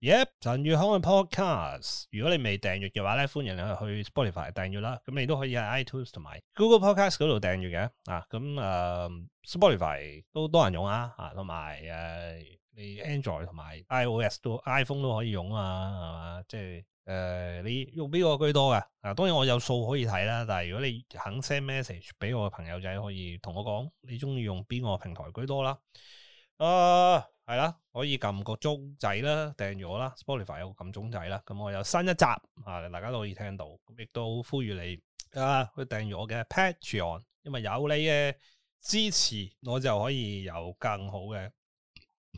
Yep，陳悅康嘅 podcast，如果你未訂閱嘅話咧，歡迎你去 Spotify 訂閱啦。咁你都可以喺 iTunes 同埋 Google Podcast 嗰度訂閱嘅。啊，咁、呃、Spotify 都多人用啊，啊，同埋誒，你 Android 同埋 iOS 都 iPhone 都可以用啊，係嘛？即係誒，你用邊個居多嘅？啊，當然我有數可以睇啦。但係如果你肯 send message 俾我嘅朋友仔，可以同我講，你中意用邊個平台居多啦？啊！係啦，可以撳個鐘仔啦，訂閱我啦。Spotify 有個撳鐘仔啦，咁我有新一集啊，大家都可以聽到。咁亦都呼籲你啊去訂閱我嘅 Patreon，e 因為有你嘅支持，我就可以有更好嘅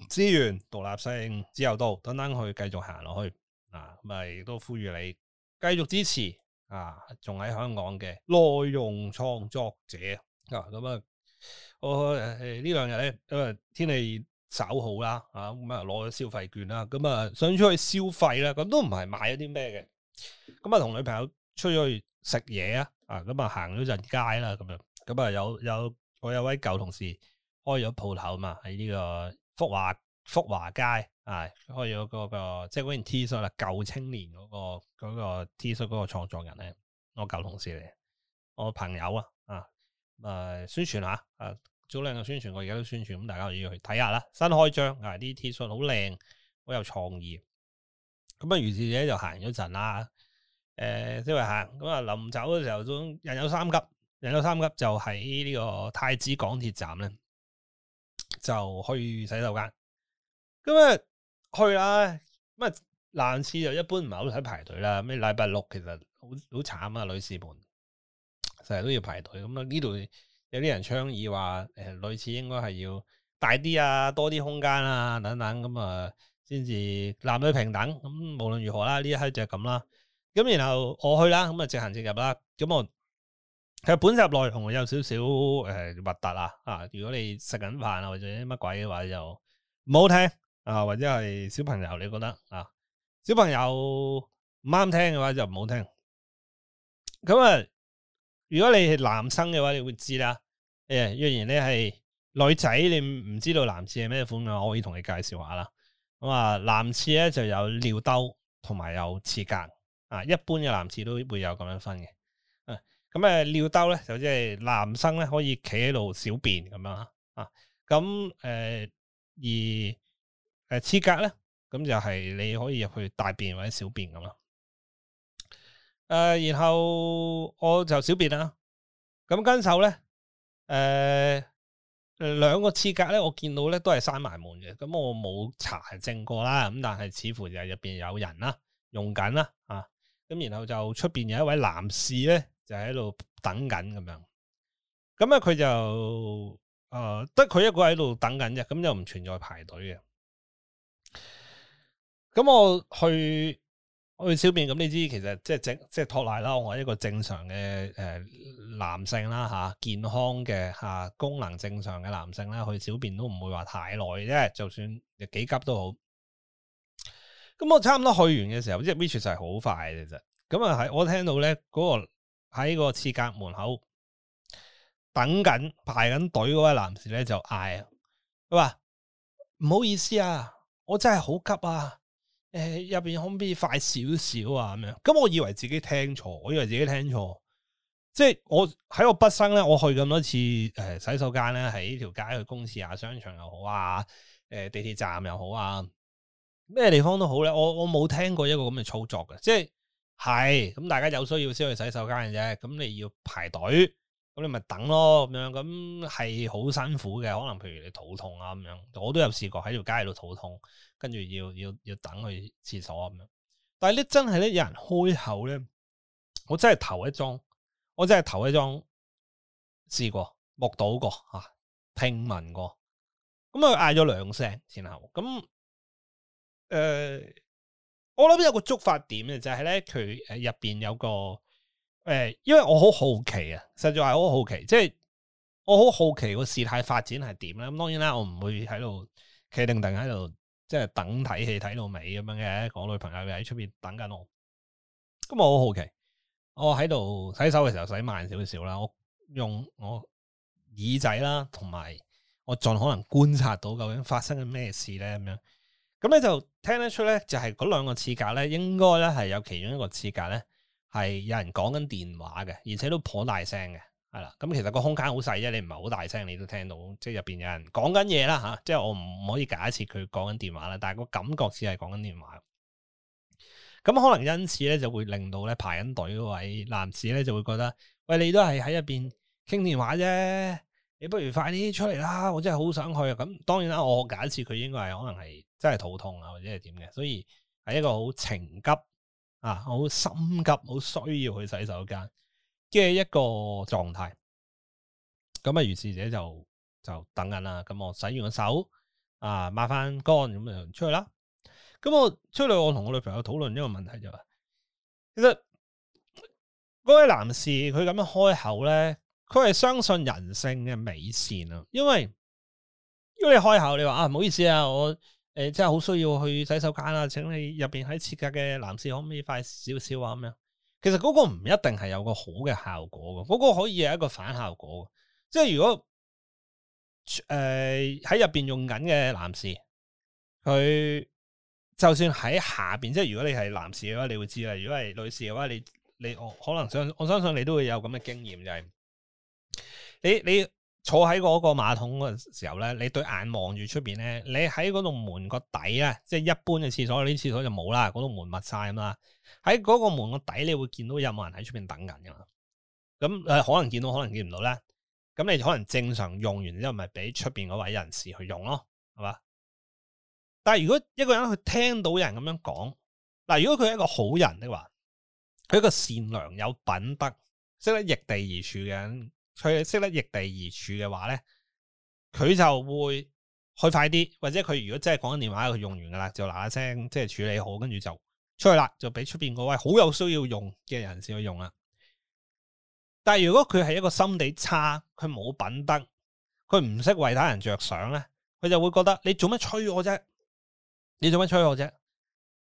資源、獨立性之後到、自由度等等去繼續行落去啊。咪亦都呼籲你繼續支持啊，仲喺香港嘅內容創作者啊。咁啊，我、欸、兩呢兩日咧，因為天氣。走好啦，啊咁啊攞咗消費券啦，咁啊想出去消費啦，咁都唔係買咗啲咩嘅，咁啊同女朋友出去食嘢啊，啊咁啊行咗陣街啦，咁樣，咁啊有有我有位舊同事開咗鋪頭嘛，喺呢個福華福華街啊，開咗嗰、嗰個即係嗰件 T 恤啦，舊青年嗰、嗰個嗰、嗰個 T 恤嗰個創作人咧，我舊同事嚟，我朋友啊，啊、呃、誒，宣傳下啊。早兩日宣傳，我而家都宣傳，咁大家我要去睇下啦。新開張，啊啲 T 恤好靚，好有創意。咁啊，於是咧就行咗陣啦。誒，即係行，咁啊臨走嘅時候，總人有三急，人有三急就喺呢個太子港鐵站咧，就去洗手間。咁啊去啦，咁啊男廁就一般唔係好使排隊啦。咩禮拜六其實好好慘啊，女士們，成日都要排隊咁啊呢度。有啲人倡議話，誒類似應該係要大啲啊，多啲空間啊，等等咁啊，先、嗯、至、嗯、男女平等。咁、嗯、無論如何啦，呢一刻就係咁啦。咁、嗯、然後我去啦，咁、嗯、啊直行直入啦。咁我其實本集內容有少少誒，核突啊啊！如果你食緊飯啊或者乜鬼嘅話，就唔好聽啊。或者係、啊、小朋友你覺得啊，小朋友唔啱聽嘅話就唔好聽。咁、嗯、啊～、嗯如果你係男生嘅話，你會知啦。誒，若然你係女仔，你唔知道男廁係咩款嘅，我可以同你介紹下啦。咁啊，男廁咧就有尿兜同埋有廁格啊。一般嘅男廁都會有咁樣分嘅。啊，咁誒尿兜咧就即、是、係男生咧可以企喺度小便咁樣啊。咁誒、呃、而誒廁格咧，咁就係你可以入去大便或者小便咁啊。誒、呃，然後我就小便啦。咁跟手咧，誒、呃，兩個廁格咧，我見到咧都係閂埋門嘅。咁我冇查證過啦，咁但係似乎就係入邊有人啦，用緊啦，啊，咁然後就出邊有一位男士咧，就喺度等緊咁樣。咁佢就誒，得、呃、佢一個喺度等緊啫，咁又唔存在排隊嘅。咁我去。去小便咁，你知其實即係正即係托賴啦。我係一個正常嘅誒男性啦，吓健康嘅吓功能正常嘅男性啦。去小便都唔會話太耐啫。就算又幾急都好。咁我差唔多去完嘅時候，即係 reach 就係好快嘅啫。咁啊，係我聽到咧、那個，嗰個喺個廁格門口等緊排緊隊嗰位男士咧，就嗌佢話唔好意思啊，我真係好急啊！誒，入邊可唔可以快少少啊？咁樣，咁我以為自己聽錯，我以為自己聽錯，即係我喺我畢生咧，我去咁多次誒洗手間咧，喺條街去公廁啊、商場又好啊、誒地鐵站又好啊，咩地方都好咧，我我冇聽過一個咁嘅操作嘅，即係係咁大家有需要先去洗手間嘅啫，咁你要排隊。咁你咪等咯，咁樣咁係好辛苦嘅。可能譬如你肚痛啊，咁樣我都有試過喺條街度肚痛，跟住要要要等去廁所咁樣。但係咧真係咧有人開口咧，我真係頭一樁，我真係頭一樁試過，目睹過吓，聽聞過。咁啊嗌咗兩聲然後，咁誒、呃，我諗有個觸發點嘅就係咧，佢誒入邊有個。誒，因為我好好奇啊，實在係好好奇，即、就、係、是、我好好奇個事態發展係點咧。咁當然啦，我唔會喺度企定定喺度，即係等睇戲睇到尾咁樣嘅。我、那個、女朋友又喺出邊等緊我，咁我好好奇。我喺度洗手嘅時候，洗慢少少啦。我用我耳仔啦，同埋我盡可能觀察到究竟發生緊咩事咧，咁樣。咁咧就聽得出咧，就係嗰兩個廁格咧，應該咧係有其中一個廁格咧。係有人講緊電話嘅，而且都頗大聲嘅，係啦。咁其實個空間好細啫，你唔係好大聲，你都聽到，即係入邊有人講緊嘢啦吓。即係我唔可以假設佢講緊電話啦，但係個感覺只係講緊電話。咁可能因此咧，就會令到咧排緊隊嗰位男士咧，就會覺得，喂，你都係喺入邊傾電話啫，你不如快啲出嚟啦，我真係好想去。咁當然啦，我假設佢應該係可能係真係肚痛啊，或者係點嘅，所以係一個好情急。啊，好心急，好需要去洗手間嘅一個狀態。咁啊，如是者就就等緊啦。咁我洗完個手，啊抹翻乾，咁就出去啦。咁我出去，我同我女朋友討論呢個問題就話，其實嗰位男士佢咁樣開口咧，佢係相信人性嘅美善啊，因為因為你開口，你話啊唔好意思啊，我。誒、呃，即係好需要去洗手間啊！請你入邊喺設計嘅男士可唔可以快少少啊？咁樣，其實嗰個唔一定係有個好嘅效果嘅。嗰、嗰個可以係一個反效果嘅。即係如果誒喺、呃、入邊用緊嘅男士，佢就算喺下邊，即係如果你係男士嘅話，你會知啦。如果係女士嘅話你，你你我可能相我相信你都會有咁嘅經驗，就係、是、你你。你坐喺嗰個馬桶嘅時候咧，你對眼望住出邊咧，你喺嗰度門個底咧，即係一般嘅廁所啲廁所就冇啦，嗰度門密晒咁啦。喺嗰個門個底，你會見到有冇人喺出邊等緊噶嘛。咁誒，可能見到，可能見唔到咧。咁你可能正常用完之後，咪俾出邊嗰位人士去用咯，係嘛？但係如果一個人去聽到有人咁樣講，嗱，如果佢係一個好人的話，佢一個善良有品德，識得逆地而處嘅佢識得逆地而處嘅話咧，佢就會開快啲，或者佢如果真係講緊電話，佢用完噶啦，就嗱嗱聲即係處理好，跟住就出去啦，就俾出邊嗰位好有需要用嘅人先去用啦。但係如果佢係一個心地差，佢冇品德，佢唔識為他人着想咧，佢就會覺得你做乜催我啫？你做乜催我啫？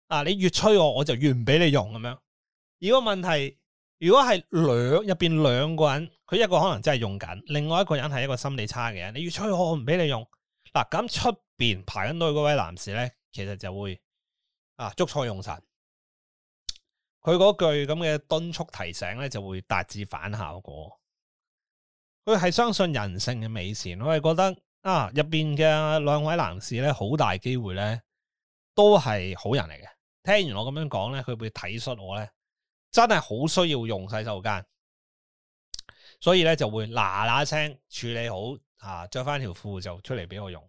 啊！你越催我，我就越唔俾你用咁樣。而個問題。如果係兩入邊兩個人，佢一個可能真係用緊，另外一個人係一個心理差嘅人，你要催我，我唔俾你用。嗱，咁出邊排緊隊嗰位男士咧，其實就會啊捉錯用神，佢嗰句咁嘅敦促提醒咧，就會達至反效果。佢係相信人性嘅美善，我係覺得啊，入邊嘅兩位男士咧，好大機會咧，都係好人嚟嘅。聽完我咁樣講咧，佢會體恤我咧。真係好需要用洗手間，所以咧就會嗱嗱聲處理好啊，着翻條褲就出嚟俾我用。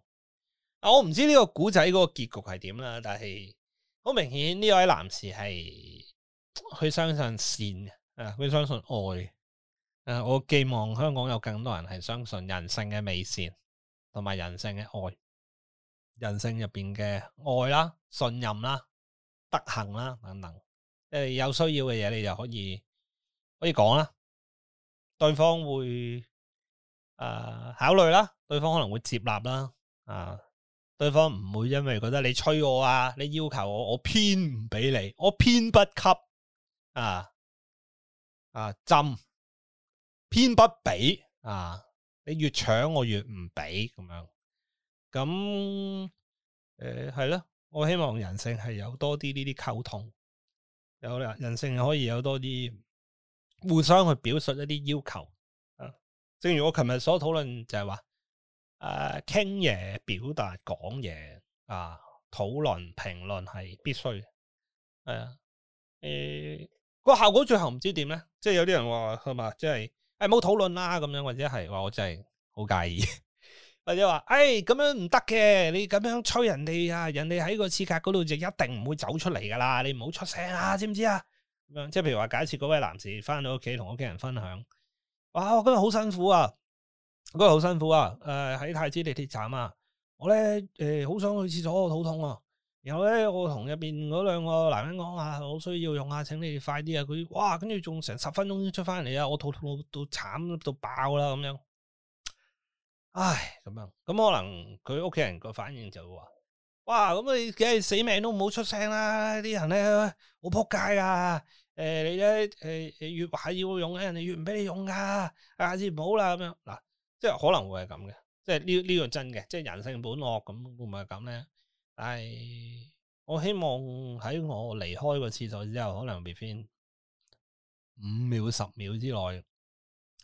啊，我唔知呢個古仔嗰個結局係點啦，但係好明顯呢位男士係去相信善嘅，去相信愛。啊，我寄望香港有更多人係相信人性嘅美善，同埋人性嘅愛，人性入邊嘅愛啦、信任啦、德行啦等等。有需要嘅嘢，你就可以可以講啦。對方會誒、呃、考慮啦，對方可能會接納啦。啊，對方唔會因為覺得你催我啊，你要求我，我偏唔俾你，我偏不給啊啊針，偏不俾啊。你越搶我越唔俾咁樣。咁誒係咯，我希望人性係有多啲呢啲溝通。啦，人性可以有多啲互相去表述一啲要求，啊，正如我琴日所討論就係，啊、話，誒，傾嘢、表達、講嘢啊，討論、評論係必須嘅，係、嗯、啊，誒，個效果最後唔知點咧，即係有啲人話係嘛，即係誒冇討論啦咁樣，或者係話我真係好介意。或者話，誒、哎，咁樣唔得嘅，你咁樣催人哋啊，人哋喺個廁格嗰度就一定唔會走出嚟噶啦，你唔好出聲啊，知唔知啊？咁、嗯、樣，即係譬如話假設嗰位男士翻到屋企同屋企人分享，哇，我今日好辛苦啊，今日好辛苦啊，誒、呃，喺太子地鐵站啊，我咧誒好想去廁所，我肚痛啊，然後咧我同入邊嗰兩個男人講啊，我需要用下，請你哋快啲啊，佢哇，跟住仲成十分鐘先出翻嚟啊，我肚痛到慘到爆啦，咁樣。唉，咁樣咁可能佢屋企人個反應就會話，哇，咁你梗係死命都唔好出聲啦！啲人咧好扑街噶，誒、呃，你咧誒、呃，越話要用，人哋越唔俾你用噶、啊，下次唔好啦。咁樣嗱，即係可能會係咁嘅，即係呢呢樣真嘅，即係人性本惡咁會唔會係咁咧？但係我希望喺我離開個廁所之後，可能 before 五秒、十秒之內，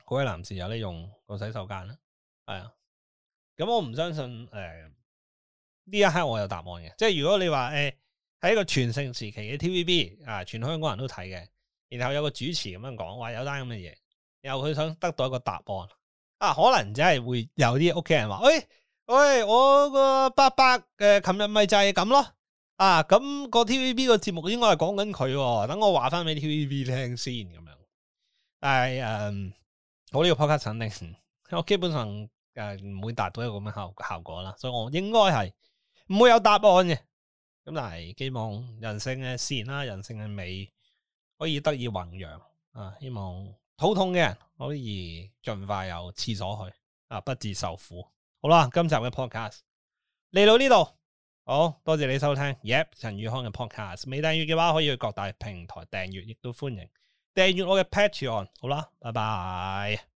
嗰位男士有得用個洗手間啦，係、嗯、啊。咁、嗯、我唔相信誒，呢、呃、一刻我有答案嘅。即係如果你話誒，喺、呃、一個全盛時期嘅 TVB 啊，全香港人都睇嘅，然後有個主持咁樣講，話有單咁嘅嘢，然後佢想得到一個答案啊，可能真係會有啲屋企人話，喂、哎、喂、哎，我個伯伯嘅琴日咪就係咁咯啊，咁、嗯、個 TVB 個節目應該係講緊佢、哦，等我話翻俾 TVB 聽先咁樣。但係誒、嗯，我呢個 podcast 肯定，我基本上。誒，唔會達到一個咁嘅效效果啦，所以我應該係唔會有答案嘅，咁但係希望人性嘅善啦，人性嘅美可以得以弘揚啊！希望肚痛嘅人可以盡快由廁所去，啊，不至受苦。好啦，今集嘅 podcast 嚟到呢度，好多謝你收聽，Yep，陳宇康嘅 podcast，未訂閱嘅話可以去各大平台訂閱，亦都歡迎訂閱我嘅 patreon。好啦，拜拜。